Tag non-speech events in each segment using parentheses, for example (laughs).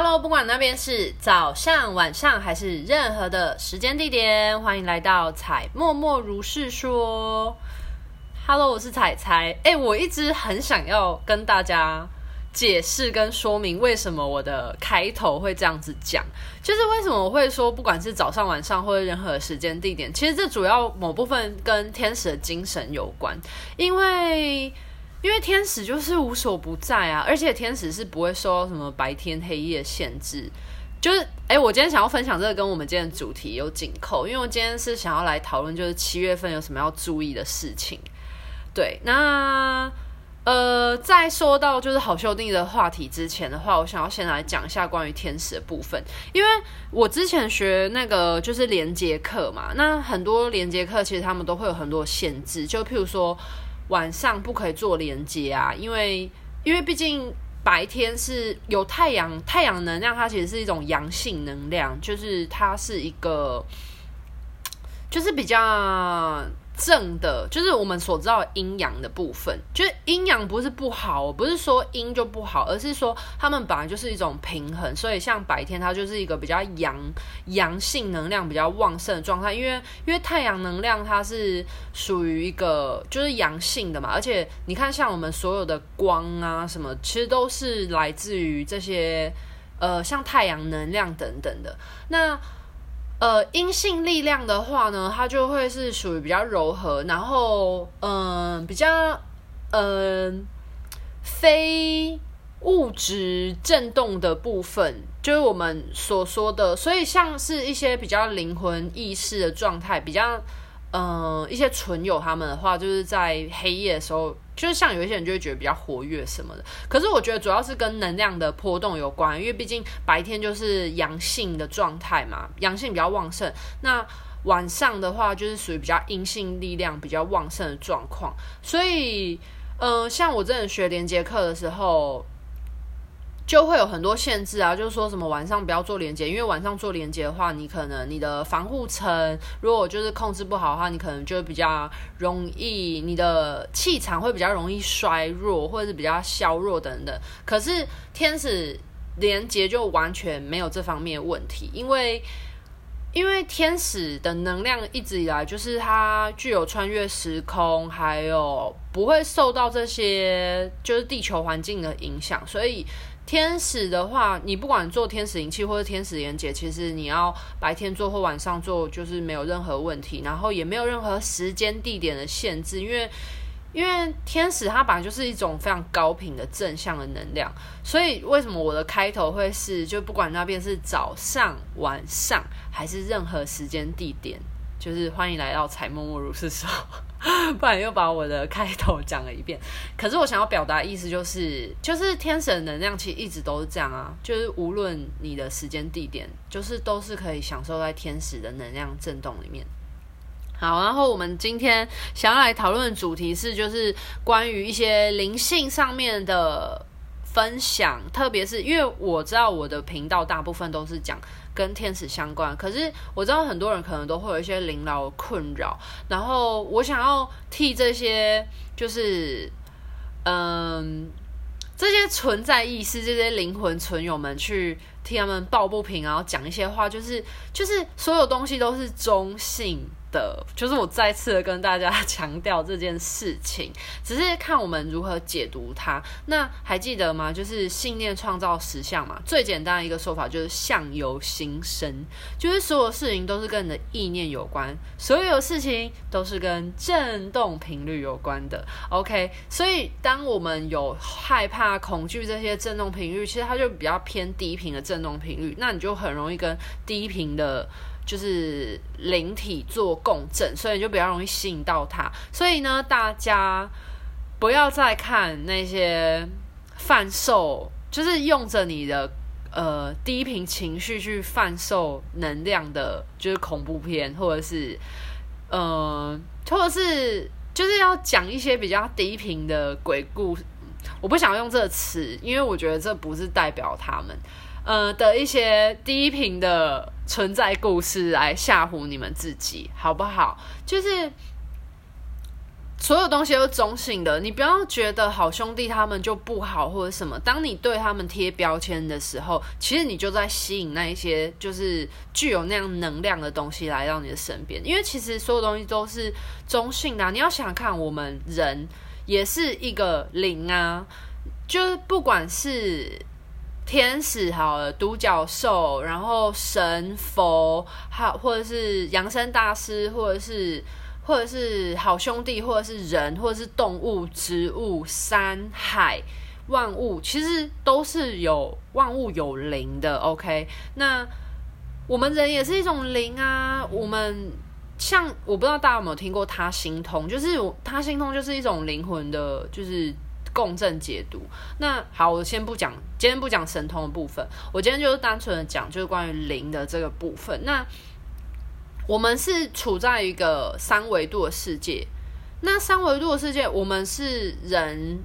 Hello，不管那邊是早上、晚上還是任何的時間地點，歡迎來到采默默如是說。Hello，我是采采。誒、欸，我一直很想要跟大家解釋跟說明，為什麼我的開頭會這樣子講，就是為什麼我會說不管是早上、晚上或者任何時間地點，其實這主要某部分跟天使的精神有關，因為。因為天使就是無所不在啊，而且天使是不會受到什麼白天黑夜限制。就是，哎、欸，我今天想要分享這個跟我們今天的主題有緊扣，因為我今天是想要來討論就是七月份有什麼要注意的事情。對，那呃，在說到就是好兄弟的話題之前的話，我想要先來講一下關於天使的部分，因為我之前學那個就是連接課嘛，那很多連接課其實他們都會有很多限制，就譬如說。晚上不可以做連接啊，因為因為畢竟白天是有太陽，太陽能量它其實是一種陽性能量，就是它是一個，就是比較。正的就是我們所知道的陰陽的部分，就是陰陽不是不好，不是說陰就不好，而是說他們本來就是一種平衡。所以像白天，它就是一個比較陽陽性能量比較旺盛的狀態，因為因為太陽能量它是屬於一個就是陽性的嘛，而且你看像我們所有的光啊什麼，其實都是來自於這些呃像太陽能量等等的那。呃，陰性力量的話呢，它就會是屬於比較柔和，然後嗯、呃，比較嗯、呃，非物質振動的部分，就是我們所說的，所以像是一些比較靈魂意識的狀態，比較。嗯，一些存有他們的話，就是在黑夜的時候，就是像有一些人就會覺得比較活躍什麼的。可是我覺得主要是跟能量的波動有關，因為畢竟白天就是陽性的狀態嘛，陽性比較旺盛。那晚上的話，就是屬於比較陰性力量比較旺盛的狀況。所以，嗯，像我之前學連結課的時候。就會有很多限制啊，就是說什麼晚上不要做連接，因為晚上做連接的話，你可能你的防護層如果就是控制不好的話，你可能就比較容易，你的氣場會比較容易衰弱，或者是比較削弱等等。可是天使連接就完全沒有這方面的問題，因為因為天使的能量一直以來就是它具有穿越時空，還有不會受到這些就是地球環境的影響，所以。天使的話，你不管做天使靈氣或者天使連接，其實你要白天做或晚上做，就是沒有任何問題，然後也沒有任何時間地點的限制，因為，因為天使它本來就是一種非常高頻的正向的能量，所以為什麼我的開頭會是就不管那邊是早上、晚上還是任何時間地點，就是歡迎來到采默默如是說。 (laughs) 不然又把我的開頭講了一遍。可是我想要表達意思就是，就是天使的能量其實一直都是這樣啊，就是無論你的時間地點，就是都是可以享受在天使的能量震動裡面。好，然後我們今天想要來討論的主題是，就是關於一些靈性上面的。分享，特別是因為我知道我的頻道大部分都是講跟天使相關，可是我知道很多人可能都會有一些靈老困擾，然後我想要替這些就是，嗯，這些存在意識、這些靈魂存有們去替他們抱不平，然後講一些話，就是就是所有東西都是中性的就是我再次的跟大家強調這件事情，只是看我們如何解讀它。那還記得嗎？就是信念創造實相嘛。最簡單的一個說法就是相由心生，就是所有事情都是跟你的意念有關，所有事情都是跟振動頻率有關的。OK，所以當我們有害怕、恐懼這些振動頻率，其實它就比較偏低頻的振動頻率，那你就很容易跟低頻的。就是靈體做共振，所以你就比較容易吸引到它。所以呢，大家不要再看那些販售，就是用着你的呃低頻情緒去販售能量的，就是恐怖片，或者是呃，或者是就是要講一些比較低頻的鬼故事。我不想用這個詞，因為我覺得這不是代表他們。呃、嗯、的一些低頻的存在故事來嚇唬你們自己，好不好？就是所有東西都中性的，你不要覺得好兄弟他們就不好或者什麼。當你對他們貼標籤的時候，其實你就在吸引那一些就是具有那樣能量的東西來到你的身邊。因為其實所有東西都是中性的。啊，你要想想看，我們人也是一個靈啊，就是不管是。天使好了，獨角獸，然後神佛或者是揚升大師，或者是，或者是好兄弟，或者是人，或者是動物、植物、山海萬物，其實都是有萬物有靈的。OK，那我們人也是一種靈啊。我們像我不知道大家有沒有聽過，他心通，就是他心通就是一種靈魂的，就是。共振解讀。那好，我先不講，今天不講神通的部分。我今天就是單純的講，就是關於靈的這個部分。那我們是處在一個三維度的世界。那三維度的世界，我們是人。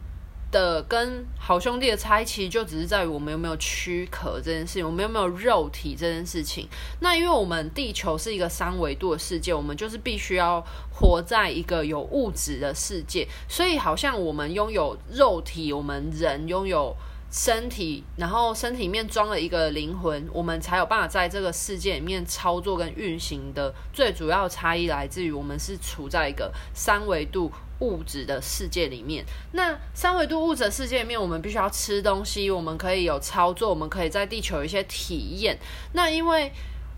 的跟好兄弟的差異，其實就只是在於我們有沒有軀殼這件事情，我們有沒有肉體這件事情。那因為我們地球是一個三維度的世界，我們就是必須要活在一個有物質的世界，所以好像我們擁有肉體，我們人擁有身體，然後身體裡面裝了一個靈魂，我們才有辦法在這個世界裡面操作跟運行的。最主要的差異來自於我們是處在一個三維度物質的世界裡面，那三維度物質世界裡面，我們必須要吃東西，我們可以有操作，我們可以在地球有一些體驗。那因為，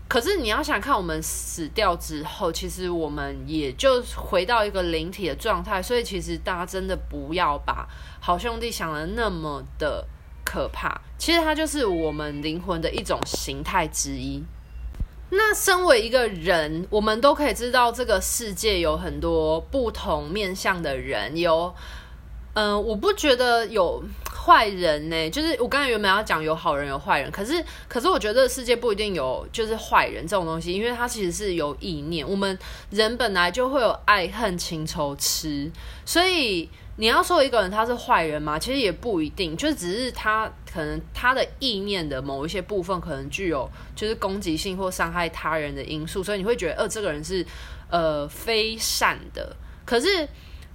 可是你要想看我們死掉之後，其實我們也就回到一個靈體的狀態。所以，其實大家真的不要把好兄弟想的那麼的可怕，其實它就是我們靈魂的一種形態之一。那身為一個人，我們都可以知道這個世界有很多不同面向的人。有，嗯，我不覺得有壞人呢、欸。就是我剛才原本要講有好人有壞人，可是，可是我覺得世界不一定有就是壞人這種東西，因為它其實是有意念。我們人本來就會有愛恨情仇癡，所以。你要說一個人他是壞人嗎？其實也不一定，就是只是他可能他的意念的某一些部分可能具有就是攻擊性或傷害他人的因素，所以你會覺得，呃，這個人是，呃，非善的。可是。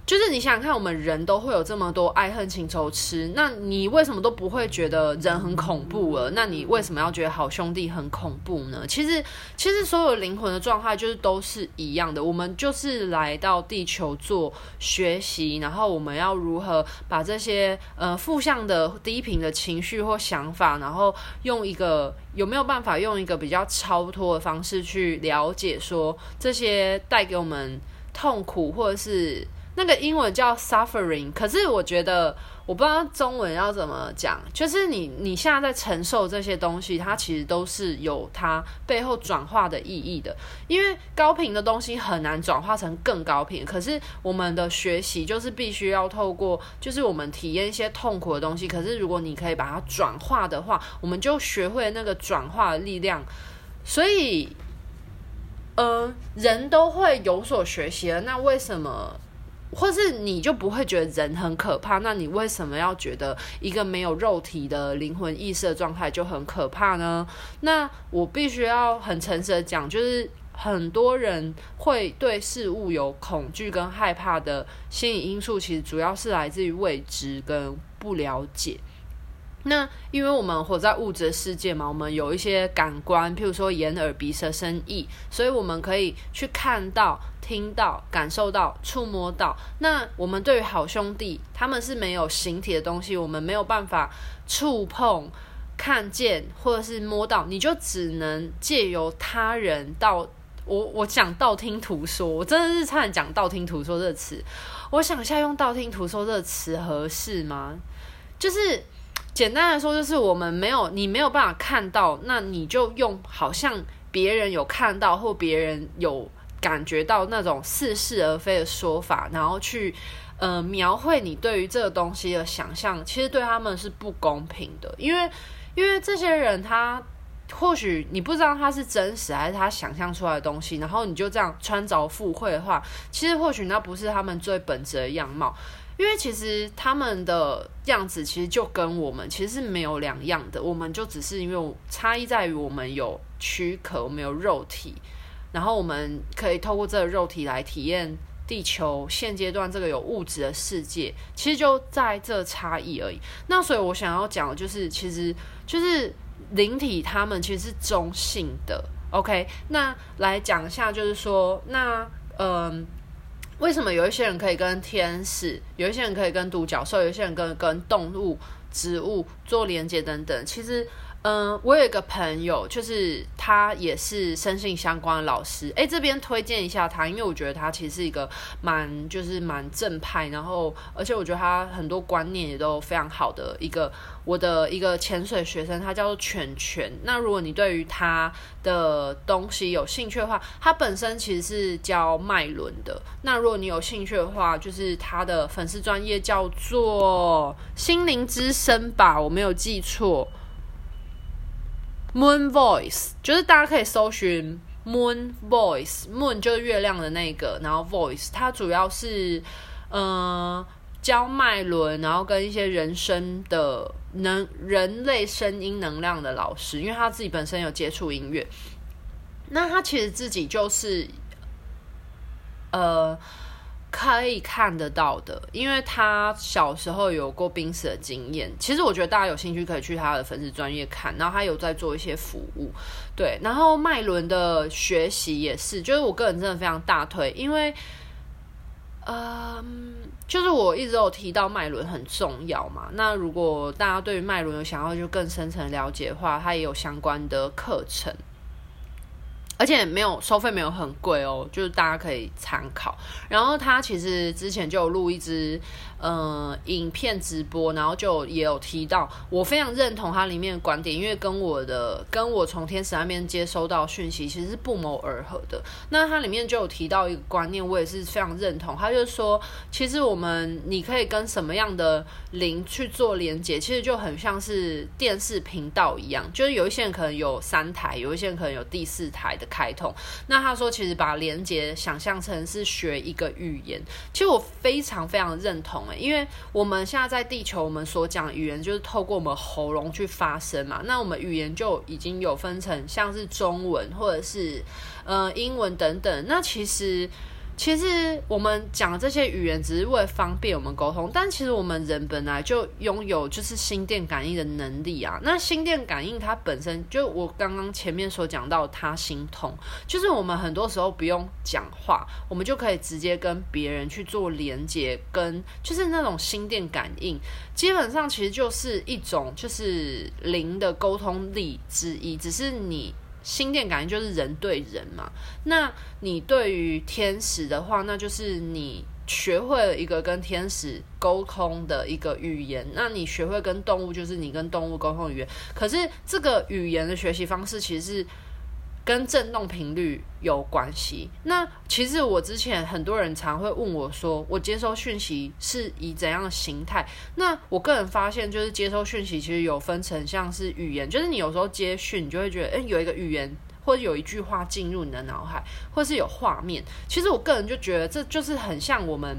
就是你想想看，我們人都會有這麼多愛恨情仇，吃，那你為什麼都不會覺得人很恐怖了？那你為什麼要覺得好兄弟很恐怖呢？其實，其實所有靈魂的狀態就是都是一樣的。我們就是來到地球做學習，然後我們要如何把這些呃負向的低頻的情緒或想法，然後用一個有沒有辦法用一個比較超脫的方式去了解，說這些帶給我們痛苦或者是。那個英文叫 suffering，可是我覺得我不知道中文要怎麼講，就是你你現在在承受這些東西，它其實都是有它背後轉化的意義的，因為高頻的東西很難轉化成更高頻，可是我們的學習就是必須要透過，就是我們體驗一些痛苦的東西，可是如果你可以把它轉化的話，我們就學會那個轉化的力量，所以，呃，人都會有所學習了，那為什麼？或是你就不會覺得人很可怕，那你為什麼要覺得一個沒有肉體的靈魂意識的狀態就很可怕呢？那我必須要很誠實的講，就是很多人會對事物有恐懼跟害怕的心理因素，其實主要是來自於未知跟不了解。那因為我們活在物質的世界嘛，我們有一些感官，譬如說眼、耳、鼻、舌、身、意，所以我們可以去看到、聽到、感受到、觸摸到。那我們對於好兄弟，他們是沒有形體的東西，我們沒有辦法觸碰、看見或者是摸到，你就只能借由他人道。我我講道聽途說，我真的是差點講道聽途說這個詞。我想一下，用道聽途說這個詞合適嗎？就是。簡單來說，就是我們沒有，你沒有辦法看到，那你就用好像別人有看到或別人有感覺到那種似是而非的說法，然後去，呃，描繪你對於這個東西的想象，其實對他們是不公平的，因為，因為這些人他或許你不知道他是真實還是他想象出來的東西，然後你就這樣穿鑿附會的話，其實或許那不是他們最本質的樣貌。因為其實他們的樣子其實就跟我們其實是沒有兩樣的，我們就只是因為差異在於我們有軀殼，我們有肉體，然後我們可以透過這個肉體來體驗地球現階段這個有物質的世界，其實就在這差異而已。那所以我想要講的就是，其實就是靈體他們其實是中性的。OK，那來講一下，就是說那嗯。為什麼有一些人可以跟天使，有一些人可以跟獨角獸，有一些人可以跟跟動物、植物做連接等等？其實。嗯，我有一個朋友，就是他也是靈性相關的老師。哎，這邊推薦一下他，因為我覺得他其實是一個蠻就是蠻正派，然後而且我覺得他很多觀念也都非常好的一個我的一個潛水學生，他叫做犬犬。那如果你對於他的東西有興趣的話，他本身其實是教脈輪的。那如果你有興趣的話，就是他的粉絲專業叫做心靈之聲吧，我沒有記錯。Moon Voice 就是大家可以搜尋 Moon Voice，Moon 就是月亮的那個，然後 Voice 它主要是，嗯、呃、教脈輪，然後跟一些人聲的，能人類聲音能量的老師，因為他自己本身有接觸音樂，那他其實自己就是，呃。可以看得到的。因為他小時候有過瀕死的經驗。其實我覺得大家有興趣可以去他的粉絲專頁看，然後他有在做一些服務。對，然後脈輪的學習也是，就是我個人真的非常大推，因為，嗯、呃，就是我一直有提到脈輪很重要嘛。那如果大家對於脈輪有想要就更深層了解的話，他也有相關的課程。而且沒有收費，沒有很貴哦，就是大家可以參考。然後他其實之前就有錄一支呃影片、直播，然後就有也有提到，我非常認同他裡面的觀點，因為跟我的跟我從天使那邊接收到訊息其實是不謀而合的。那他裡面就有提到一個觀念，我也是非常認同。他就是說，其實我們你可以跟什麼樣的靈去做連接，其實就很像是電視頻道一樣，就是有一些人可能有三台，有一些人可能有第四台的。開通，那他說其實把連接想象成是學一個語言，其實我非常非常認同、欸、因為我們現在在地球，我們所講的語言就是透過我們喉嚨去發聲嘛，那我們語言就已經有分成像是中文或者是嗯、呃、英文等等，那其實。其實我們講這些語言只是為了方便我們溝通，但其實我們人本來就擁有就是心電感應的能力啊。那心電感應它本身就，我剛剛前面所講到，他心通，就是我們很多時候不用講話，我們就可以直接跟別人去做連接，跟就是那種心電感應，基本上其實就是一種就是靈的溝通力之一，只是你。心電感應就是人對人嘛，那你對於天使的話，那就是你學會了一個跟天使溝通的一個語言，那你學會跟動物，就是你跟動物溝通語言，可是這個語言的學習方式其實是。跟震動頻率有關係。那其實我之前很多人常會問我說，我接收訊息是以怎樣的形態？那我個人發現，就是接收訊息其實有分成，像是語言，就是你有時候接訊，你就會覺得，誒，有一個語言或者有一句話進入你的腦海，或是有畫面。其實我個人就覺得，這就是很像我們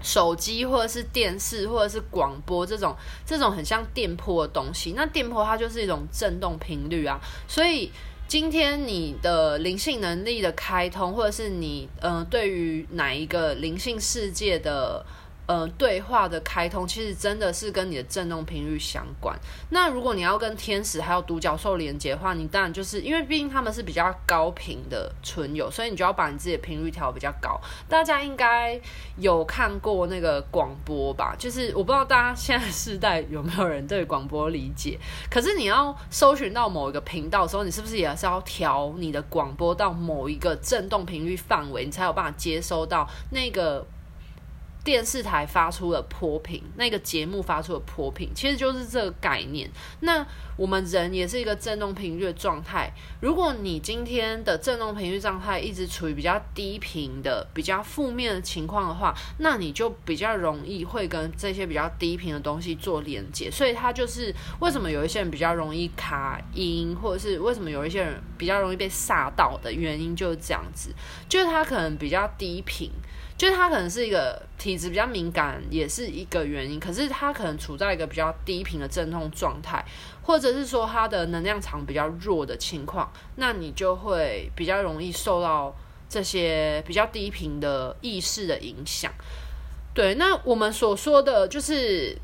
手機或者是電視或者是廣播這種這種很像電波的東西。那電波它就是一種震動頻率啊，所以。今天你的靈性能力的開通，或者是你，呃，對於哪一個靈性世界的？呃，對話的開通其實真的是跟你的振動頻率相關。那如果你要跟天使還有獨角獸連接的話，你當然就是因為畢竟他們是比較高頻的存有，所以你就要把你自己的頻率調得比較高。大家應該有看過那個廣播吧？就是我不知道大家現在世代有沒有人對廣播理解。可是你要搜尋到某一個頻道的時候，你是不是也是要調你的廣播到某一個振動頻率範圍，你才有辦法接收到那個？電視台發出了波頻，那個節目發出了波頻，其實就是這個概念。那我們人也是一個振動頻率的狀態。如果你今天的振動頻率狀態一直處於比較低頻的、比較負面的情況的話，那你就比較容易會跟這些比較低頻的東西做連接。所以，它就是為什麼有一些人比較容易卡陰，或者是為什麼有一些人比較容易被煞到的原因就是這樣子，就是它可能比較低頻。就是他可能是一個體質比較敏感，也是一個原因。可是他可能處在一個比較低頻的振動狀態，或者是說他的能量場比較弱的情況，那你就會比較容易受到這些比較低頻的意識的影響。對，那我們所說的就是，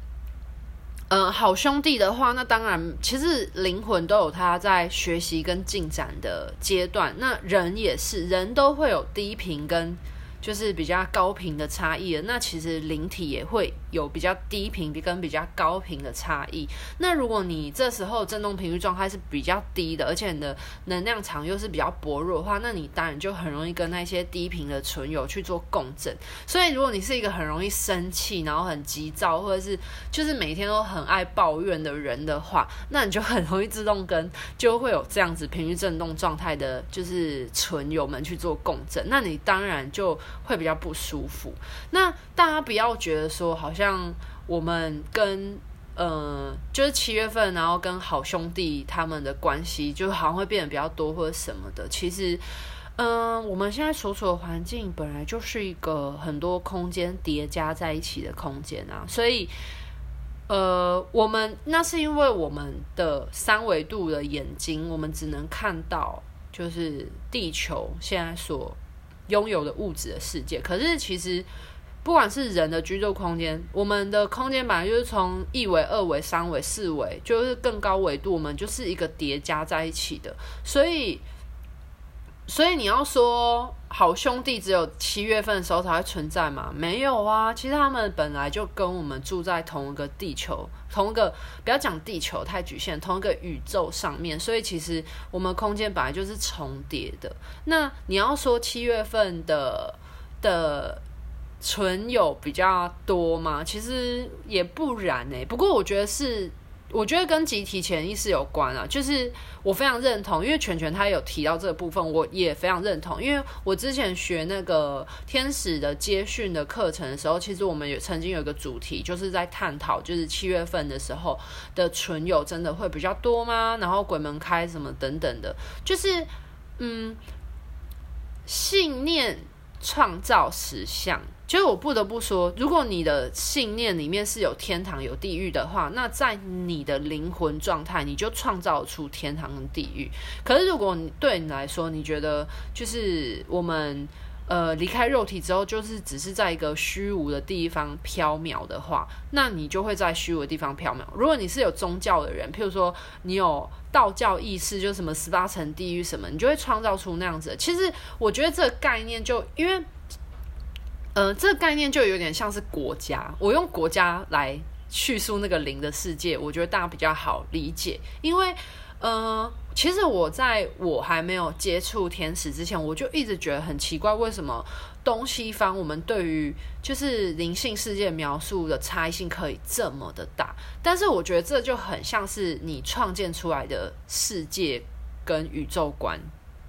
嗯、呃，好兄弟的話，那當然，其實靈魂都有他在學習跟進展的階段，那人也是人都會有低頻跟，就是比較高頻的差異了，那其實靈體也會有比較低頻跟比較高頻的差異。那如果你這時候振動頻率狀態是比較低的，而且你的能量場又是比較薄弱的話，那你當然就很容易跟那些低頻的存有去做共振。所以如果你是一個很容易生氣，然後很急躁，或者是就是每天都很愛抱怨的人的話，那你就很容易自動跟就會有這樣子頻率振動狀態的，就是存有們去做共振。那你當然就。會比較不舒服。那大家不要覺得說，好像我們跟呃，就是七月份，然後跟好兄弟他們的關係，就好像會變得比較多或者什麼的。其實，嗯，我們現在所處的環境本來就是一個很多空間疊加在一起的空間啊。所以，呃，我們那是因為我們的三維度的眼睛，我們只能看到就是地球現在所。擁有的物質的世界，可是其實，不管是人的居住空間，我們的空間本來就是從一維、二維、三維、四維，就是更高維度，我們就是一個疊加在一起的，所以，所以你要說，好兄弟只有七月份的時候才會存在嗎？沒有啊，其實他們本來就跟我們住在同一個地球，同一個，不要講地球太局限，同一個宇宙上面，所以其實我們空間本來就是重疊的。那你要說七月份的的存有比較多嗎？其實也不然呢、欸。不過我覺得是。我覺得跟集體潛意識有關啊，就是我非常認同，因為全全他有提到這個部分，我也非常認同。因為我之前學那個天使的接訊的課程的時候，其實我們有曾經有一個主題，就是在探討，就是七月份的時候的存有真的會比較多嗎？然後鬼門開什麼等等的，就是嗯，信念創造實相。其實我不得不說，如果你的信念裡面是有天堂有地獄的話，那在你的靈魂狀態，你就創造出天堂跟地獄。可是，如果對你來說，你覺得就是我們呃離開肉體之後，就是只是在一個虛無的地方飄渺的話，那你就會在虛無的地方飄渺。如果你是有宗教的人，譬如說你有道教意識，就什麼十八層地獄什麼，你就會創造出那樣子的。其實我覺得這個概念就，就因為。嗯、呃，這個概念就有點像是國家。我用國家來敘述那個靈的世界，我覺得大家比較好理解。因為，嗯、呃，其實我在我還沒有接觸天使之前，我就一直覺得很奇怪，為什麼東西方我們對於就是靈性世界描述的差異性可以這麼的大？但是我覺得這就很像是你創建出來的世界跟宇宙觀。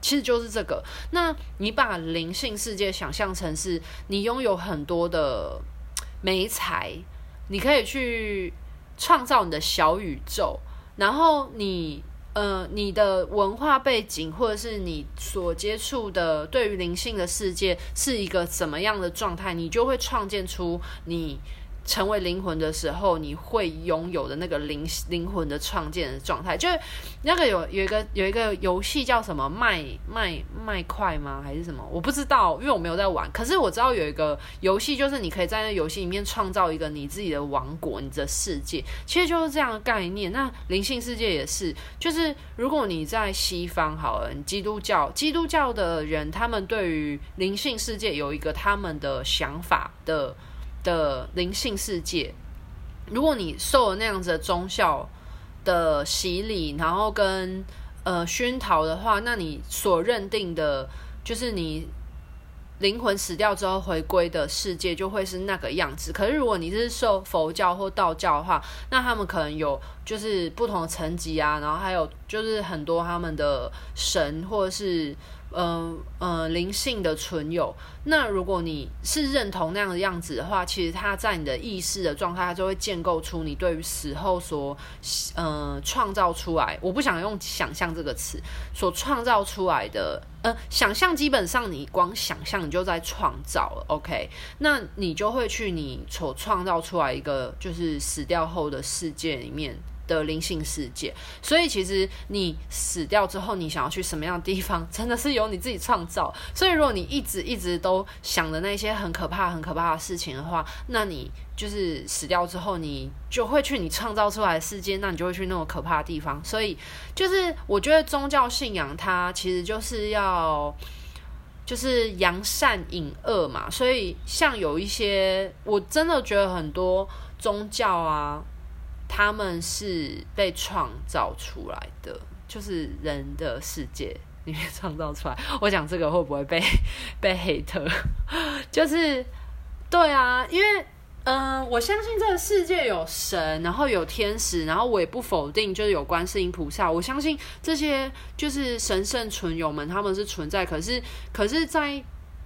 其實就是這個。那你把靈性世界想象成是你擁有很多的媒材，你可以去創造你的小宇宙。然後你，呃，你的文化背景或者是你所接觸的對於靈性的世界是一個怎麼樣的狀態，你就會創建出你成為靈魂的時候，你會擁有的那個靈靈魂的創建的狀態，就是那個有有一個有一個遊戲叫什麼麥麥麥塊嗎？還是什麼？我不知道，因為我沒有在玩。可是我知道有一個遊戲，就是你可以在那遊戲裡面創造一個你自己的王國、你的世界，其實就是這樣的概念。那靈性世界也是，就是如果你在西方好了，基督教基督教的人，他們對於靈性世界有一個他們的想法的。的靈性世界，如果你受了那樣子的宗教的洗禮，然後跟呃熏陶的話，那你所認定的就是你靈魂死掉之後回歸的世界就會是那個樣子。可是如果你是受佛教或道教的話，那他們可能有。就是不同的層級啊，然後還有就是很多他們的神或者是嗯嗯靈性的存有。那如果你是認同那樣的樣子的話，其實他在你的意識的狀態，他就會建構出你對於死後所呃創造出來。我不想用想象這個詞，所創造出來的呃想象，基本上你光想象你就在創造了。OK，那你就會去你所創造出來一個就是死掉後的世界裡面，的靈性世界，所以其實你死掉之後，你想要去什麼樣的地方，真的是由你自己創造。所以，如果你一直一直都想的那些很可怕、很可怕的事情的話，那你就是死掉之後，你就會去你創造出來的世界，那你就會去那麼可怕的地方。所以，就是我覺得宗教信仰它其實就是要就是揚善隱惡嘛。所以，像有一些我真的覺得很多宗教啊。他們是被創造出來的，就是人的世界裡面創造出來。我想這個會不會被被 hate？就是對啊，因為嗯、呃，我相信這個世界有神，然後有天使，然後我也不否定，就是有觀世音菩薩。我相信這些就是神聖存有們，他們是存在。可是，可是在。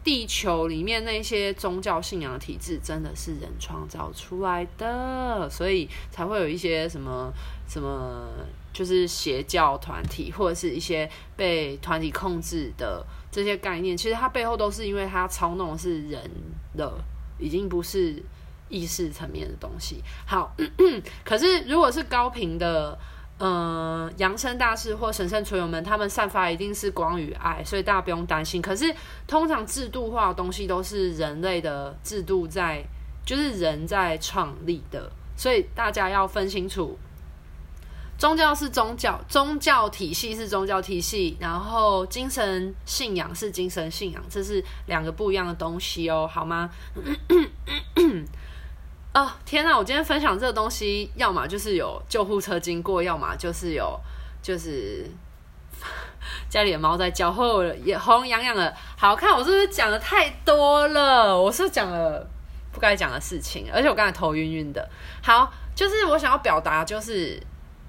地球裡面那些宗教信仰的體制真的是人創造出來的，所以才會有一些什麼什麼，就是邪教團體或者是一些被團體控制的這些概念，其實它背後都是因為它操弄的是人的，已經不是意識層面的東西。好，可是如果是高頻的。嗯，揚升、呃、大師或神聖存有們，他們散發一定是光與愛，所以大家不用擔心。可是，通常制度化的東西都是人類的制度在，就是人在創立的，所以大家要分清楚，宗教是宗教，宗教體系是宗教體系，然後精神信仰是精神信仰，這是兩個不一樣的東西哦，好嗎？ (coughs) (coughs) 哦，天啊！我今天分享這個東西，要麼就是有救護車經過，要麼就是有就是 (laughs) 家裡的貓在叫。後也紅癢癢的。好看，我是不是講的太多了？我是講了不該講的事情，而且我剛才頭暈暈的。好，就是我想要表達，就是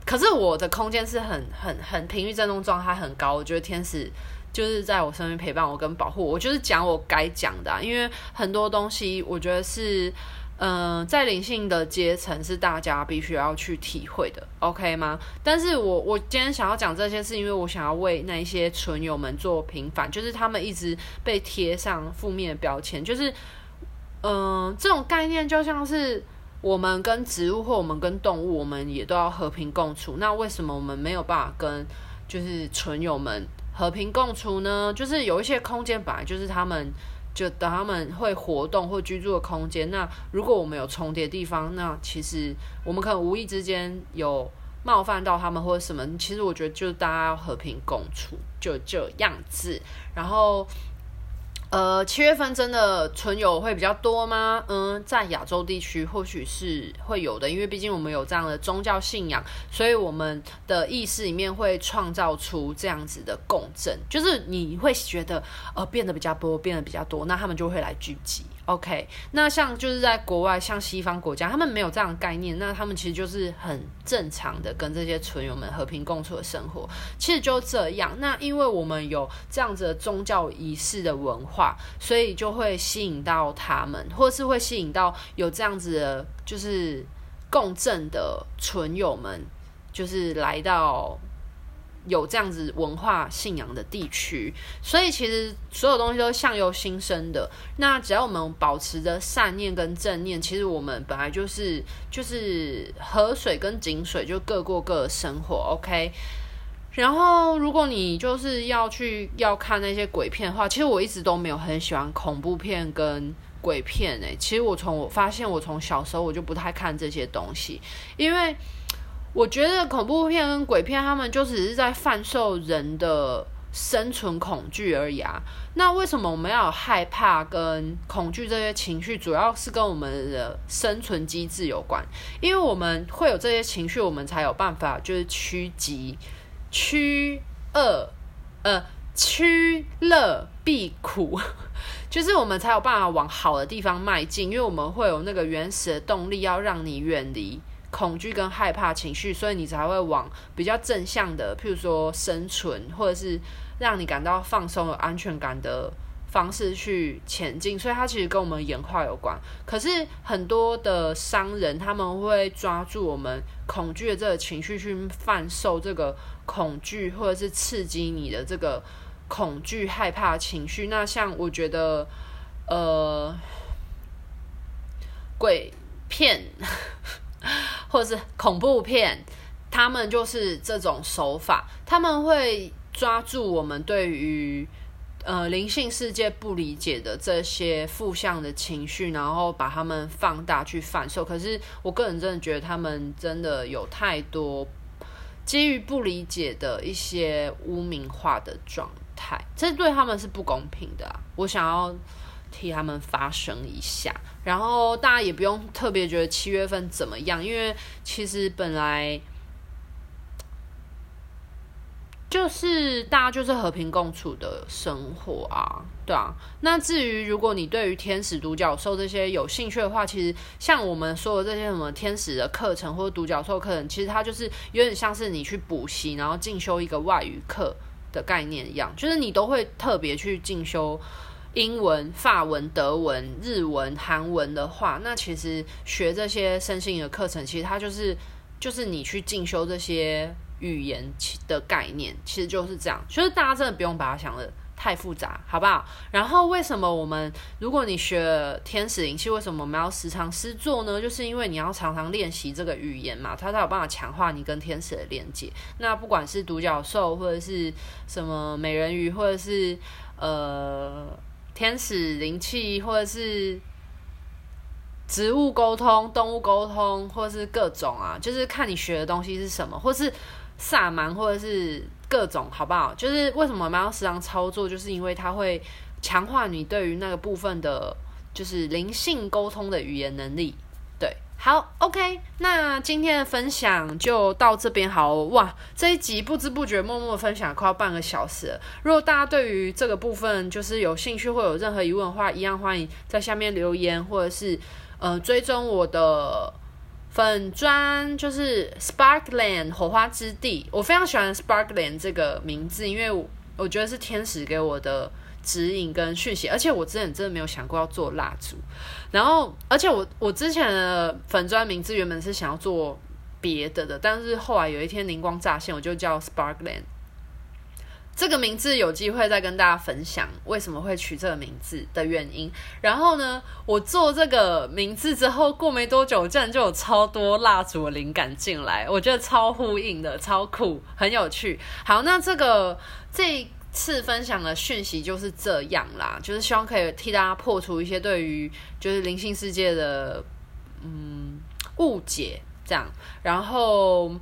可是我的空間是很很很頻率震動狀態很高。我覺得天使就是在我身邊陪伴我跟保護我，我就是講我該講的啊，因為很多東西我覺得是。嗯、呃，在靈性的階層是大家必須要去體會的，OK 嗎？但是我我今天想要講這些，是因為我想要為那一些純友們做平反，就是他們一直被貼上負面的標籤，就是，嗯、呃，這種概念就像是我們跟植物或我們跟動物，我們也都要和平共處。那為什麼我們沒有辦法跟就是純友們和平共處呢？就是有一些空間本來就是他們。就等他們會活動或居住的空間。那如果我們有重疊地方，那其實我們可能無意之間有冒犯到他們或者什麼。其實我覺得，就大家要和平共處，就這樣子。然後。呃，七月份真的存有會比較多嗎？嗯，在亞洲地區或許是會有的，因為畢竟我們有這樣的宗教信仰，所以我們的意識裡面會創造出這樣子的共振，就是你會覺得呃變得比較多，變得比較多，那他們就會來聚集。OK，那像就是在國外，像西方國家，他們沒有這樣的概念，那他們其實就是很正常的跟這些存有們和平共處的生活，其實就這樣。那因為我們有這樣子的宗教儀式的文化，所以就會吸引到他們，或是會吸引到有這樣子的就是共振的存有們，就是來到。有這樣子文化信仰的地區，所以其實所有東西都是相由心生的。那只要我們保持着善念跟正念，其實我們本來就是就是河水跟井水就各過各的生活，OK。然後，如果你就是要去要看那些鬼片的話，其實我一直都沒有很喜歡恐怖片跟鬼片，誒、欸。其實我從我發現我從小時候我就不太看這些東西，因為。我覺得恐怖片跟鬼片，他們就只是在販售人的生存恐懼而已啊。那為什麼我們要害怕跟恐懼這些情緒？主要是跟我們的生存機制有關，因為我們會有這些情緒，我們才有辦法就是趨吉趨惡，呃，趨樂避苦， (laughs) 就是我們才有辦法往好的地方邁進，因為我們會有那個原始的動力要讓你遠離。恐懼跟害怕情緒，所以你才會往比較正向的，譬如說生存，或者是讓你感到放鬆、有安全感的方式去前進。所以它其實跟我們演化有關。可是很多的商人他們會抓住我們恐懼的這個情緒去販售這個恐懼，或者是刺激你的這個恐懼、害怕情緒。那像我覺得，呃，鬼片。或者是恐怖片，他們就是這種手法，他們會抓住我們對於呃靈性世界不理解的這些負向的情緒，然後把他們放大去反射。可是我個人真的覺得他們真的有太多基於不理解的一些汙名化的狀態，這對他們是不公平的啊。我想要。替他們發聲一下，然後大家也不用特別覺得七月份怎麼樣，因為其實本來就是大家就是和平共處的生活啊，對啊。那至於如果你對於天使獨角獸這些有興趣的話，其實像我們說的這些什麼天使的課程或者獨角獸課程，其實它就是有點像是你去補習，然後進修一個外語課的概念一樣，就是你都會特別去進修，英文、法文、德文、日文、韓文的話，那其實學這些身心靈的課程，其實它就是就是你去進修這些語言的概念，其實就是這樣，就是大家真的不用把它想得太複雜，好不好？然後為什麼我們，如果你學天使靈氣，為什麼我們要時常施作呢？就是因為你要常常練習這個語言嘛，它才有辦法強化你跟天使的連接。那不管是獨角獸，或者是什麼美人魚，或者是呃。天使靈氣，或者是植物溝通、動物溝通，或者是各種啊，就是看你學的東西是什麼，或是薩滿，或者是各種，好不好？就是為什麼我們要時常操作，就是因為它會強化你對於那個部分的，就是靈性溝通的語言能力。好，OK，那今天的分享就到這邊好哇。這一集不知不覺默默分享快要半個小時了。如果大家對於這個部分就是有興趣或有任何疑問的話，一樣歡迎在下面留言或者是呃追蹤我的粉專，就是 Sparkland 火花之地。我非常喜歡 Sparkland 這個名字，因為我覺得是天使給我的。指引跟訊息，而且我之前真的沒有想過要做蠟燭，然後，而且我我之前的粉專名字原本是想要做別的的，但是後來有一天靈光乍現，我就叫 Sparkland。這個名字有機會再跟大家分享為什麼會取這個名字的原因。然後呢，我做這個名字之後，過沒多久，竟然就有超多蠟燭的靈感進來，我覺得超呼應的，超酷，很有趣。好，那這個這。次分享的訊息就是這樣啦，就是希望可以替大家破除一些對於就是靈性世界的嗯誤解，這樣。然後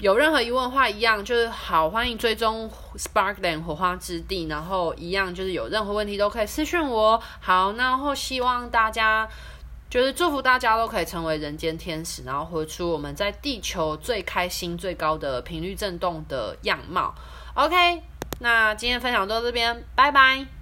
有任何疑問，話一樣就是好歡迎追蹤 Sparkland 火花之地，然後一樣就是有任何問題都可以私訊我。好，然後希望大家就是祝福大家都可以成為人間天使，然後活出我們在地球最開心、最高的頻率震動的樣貌。OK。那今天分享到這邊，拜拜。